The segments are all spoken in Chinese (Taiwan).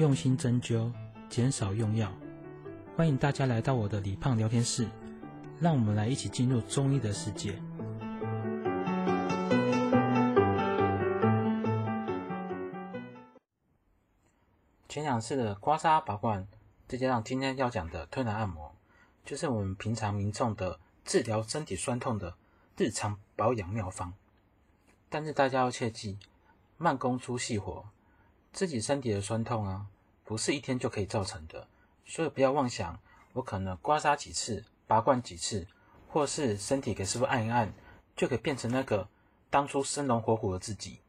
用心針灸，減少用藥。歡迎大家來到我的李胖聊天室，讓我們來一起進入中醫的世界。前兩次的刮痧拔罐，再加上今天要講的推拿按摩，就是我們平常民眾的治療身體酸痛的日常保養妙方。但是大家要切記，慢工出細活。自己身體的痠痛啊，不是一天就可以造成的，所以不要妄想我可能刮痧幾次、拔罐幾次，或是身體給師傅按一按，就可以變成那個當初生龍活虎的自己。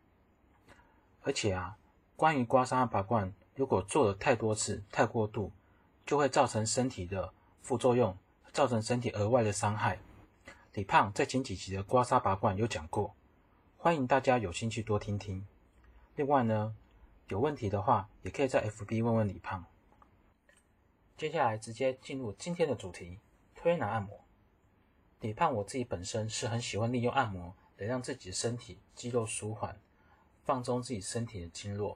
而且啊，關於刮痧、拔罐，如果做了太多次、太過度，就會造成身體的副作用，造成身體額外的傷害。李胖在前幾集的刮痧拔罐有講過，歡迎大家有興趣多聽聽。另外呢。有問題的話，也可以在 FB 問問李胖。接下來直接進入今天的主題：推拿按摩。李胖我自己本身是很喜歡利用按摩來讓自己的身體肌肉舒緩，放鬆自己身體的經絡。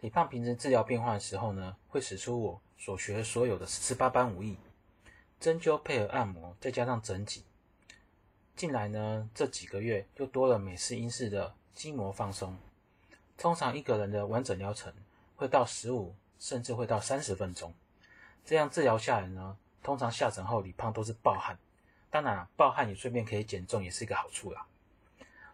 李胖平時治療病患的時候呢，會使出我所學所有的十八般武藝，針灸配合按摩，再加上整脊。近來呢，這幾個月又多了美式、英式的筋膜放鬆。通常一個人的完整療程會到十五，甚至會到三十分鐘。這樣治療下來呢，通常下診後李胖都是暴汗。當然啊，暴汗也順便可以減重，也是一個好處啦。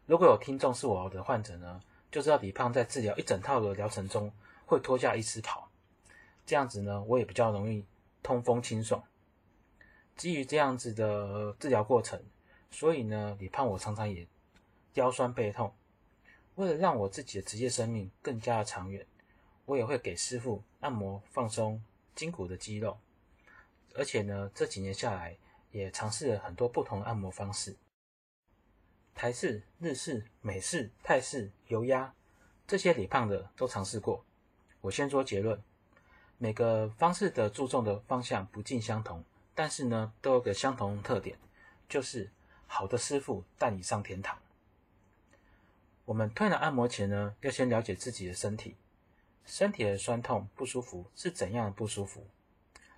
如果有聽眾是我的患者呢，就知道李胖在治療一整套的療程中會脫下醫師袍。這樣子呢，我也比較容易通風清爽。基於這樣子的治療過程，所以呢，李胖我常常也腰酸背痛。為了讓我自己的職業生命更加的長遠，我也會給師傅按摩放鬆筋骨的肌肉，而且呢，這幾年下來也嘗試了很多不同的按摩方式，台式、日式、美式、泰式、油壓，這些李胖的都嘗試過。我先說結論，每個方式的注重的方向不盡相同，但是呢，都有個相同特點，就是好的師傅帶你上天堂。我們推拿按摩前呢，要先了解自己的身體，身體的酸痛不舒服是怎樣的不舒服。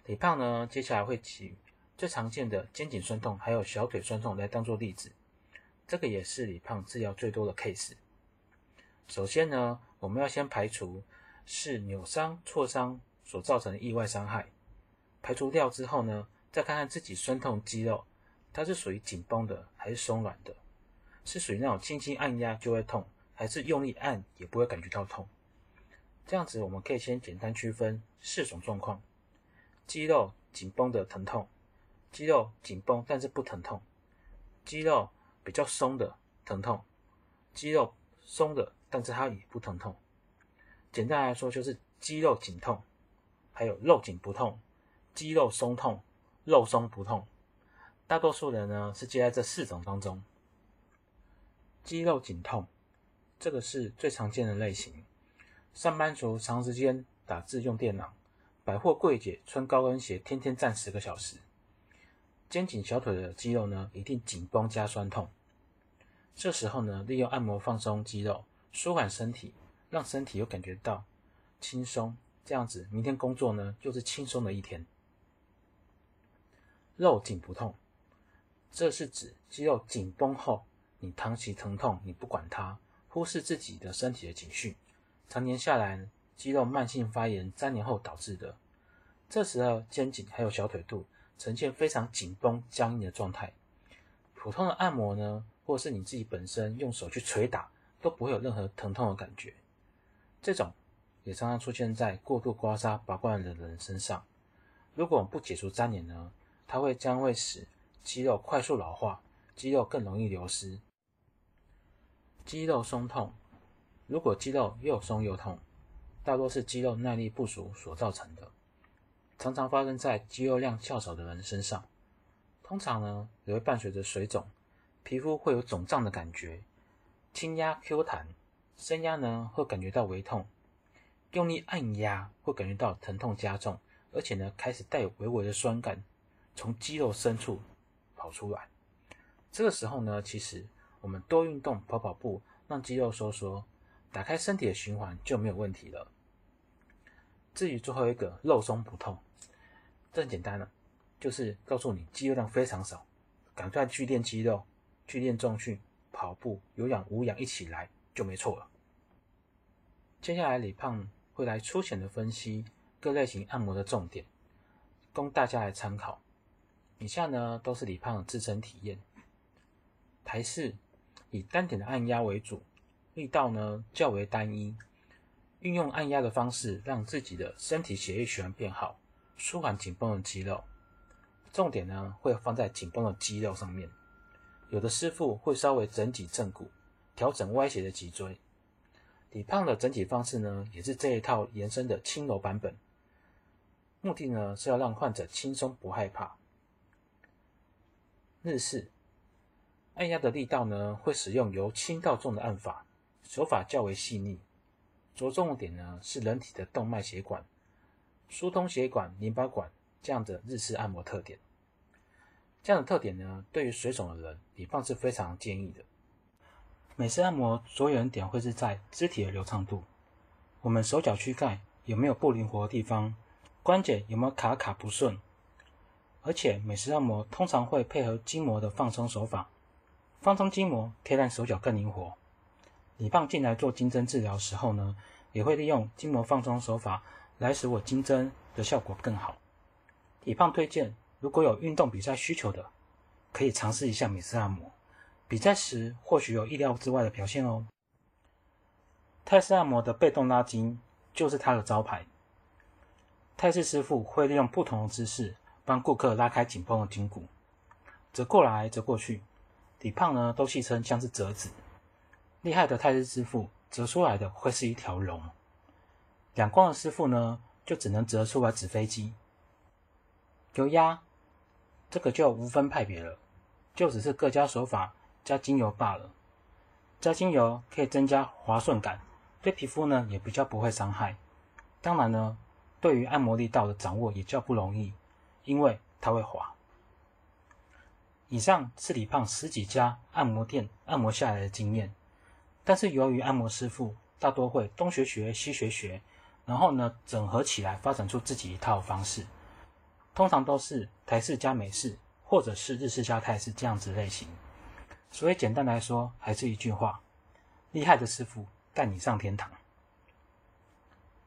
李胖呢，接下來會舉最常見的肩頸酸痛，還有小腿酸痛來當作例子，這個也是李胖治療最多的 case。首先呢，我們要先排除是扭傷、挫傷所造成的意外傷害，排除掉之後呢，再看看自己酸痛肌肉，它是屬於緊繃的還是鬆軟的。是屬於那種輕輕按壓就會痛，還是用力按也不會感覺到痛？這樣子我們可以先簡單區分四種狀況：肌肉緊繃的疼痛，肌肉緊繃但是不疼痛，肌肉比較鬆的疼痛，肌肉鬆的但是它也不疼痛。簡單來說，就是肌肉緊痛，還有肉緊不痛，肌肉鬆痛，肉鬆不痛。大多數人呢，是介在這四種當中。肌肉緊痛，這個是最常見的類型。上班族長時間打字用電腦，百貨櫃姐穿高跟鞋，天天站十個小時，肩頸、小腿的肌肉呢一定緊繃加酸痛。這時候呢，利用按摩放鬆肌肉，舒緩身體，讓身體有感覺到輕鬆，這樣子明天工作呢又、就是輕鬆的一天。肉緊不痛，這是指肌肉緊繃後。你長期疼痛，你不管它，忽視自己的身體的警訊，常年下來，肌肉慢性發炎，粘連後導致的。這時候肩頸還有小腿肚呈現非常緊繃僵硬的狀態。普通的按摩呢，或是你自己本身用手去捶打，都不會有任何疼痛的感覺。這種也常常出現在過度刮痧拔罐的人身上。如果我們不解除粘連呢，它會將會使肌肉快速老化，肌肉更容易流失。肌肉鬆痛，如果肌肉又鬆又痛，大多是肌肉耐力不足所造成的，常常發生在肌肉量較少的人身上。通常呢，也會伴隨着水腫，皮膚會有腫脹的感覺。輕壓 Q 彈，深壓呢會感覺到微痛，用力按壓會感覺到疼痛加重，而且呢開始帶有微微的酸感，從肌肉深處跑出來。這個時候呢，其實。我們多運動，跑跑步，讓肌肉收縮，縮，打開身體的循環就沒有問題了。至於最後一個肉鬆不痛，這很簡單了，啊，就是告訴你肌肉量非常少，趕快去練肌肉，去練重訓，跑步、有氧、無氧一起來就沒錯了。接下來李胖會來粗淺的分析各類型按摩的重點，供大家來參考。以下呢都是李胖的自身體驗，台式。以單點的按壓為主，力道呢較為單一，運用按壓的方式讓自己的身體血液循環變好，舒緩緊繃的肌肉。重點呢會放在緊繃的肌肉上面，有的師傅會稍微整脊正骨，調整歪斜的脊椎。李胖的整體方式呢也是這一套延伸的輕柔版本，目的呢是要讓患者輕鬆不害怕。日式。按壓的力道呢，會使用由輕到重的按法，手法較為細膩。着重點呢是人體的動脈血管、疏通血管、淋巴管這樣的日式按摩特點。這樣的特點呢，對於水腫的人，李胖是非常建議的。美式按摩着眼點會是在肢體的流暢度，我們手腳軀幹有沒有不靈活的地方，關節有沒有卡卡不順。而且美式按摩通常會配合筋膜的放鬆手法。放鬆筋膜，可以讓手腳更靈活。李胖進來做針灸治療時候呢，也會利用筋膜放鬆手法來使我針灸的效果更好。李胖推薦，如果有運動比賽需求的，可以嘗試一下美式按摩，比賽時或許有意料之外的表現哦。泰式按摩的被動拉筋就是它的招牌，泰式師傅會利用不同的姿勢幫顧客拉開緊繃的筋骨，折過來折過去。李胖呢，都戲稱像是折紙，厲害的泰式師傅折出來的會是一條龍，兩光的師傅呢，就只能折出來紙飛機。油壓這個就無分派別了，就只是各家手法加精油罷了。加精油可以增加滑順感，對皮膚呢也比較不會傷害。當然呢，對於按摩力道的掌握也較不容易，因為它會滑。以上是李胖十幾家按摩店按摩下來的經驗，但是由於按摩師傅大多會東學學西學學，然後呢，整合起來發展出自己一套方式，通常都是台式加美式，或者是日式加泰式這樣子類型。所以簡單來說，還是一句話：厲害的師傅帶你上天堂。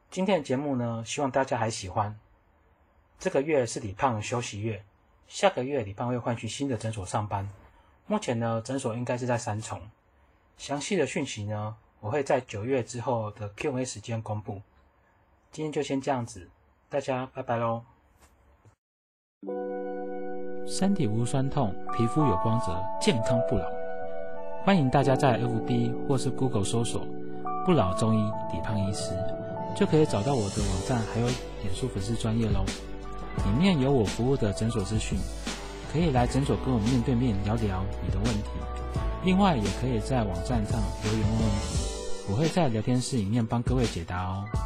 今天的節目呢，希望大家還喜歡。這個月是李胖休息月。下個月李胖會換去新的診所上班，目前呢診所應該是在三重，詳細的訊息呢，我會在九月之後的 Q&A 時間公布。今天就先這樣子，大家拜拜嘍。身體無痠痛，皮膚有光澤，健康不老。歡迎大家在 FB 或是 Google 搜索“不老中醫李胖醫師”，就可以找到我的網站還有臉書粉絲專頁嘍。裡面有我服務的診所資訊，可以來診所跟我面對面聊聊你的問題。另外，也可以在網站上留言問題，我會在聊天室裡面幫各位解答哦。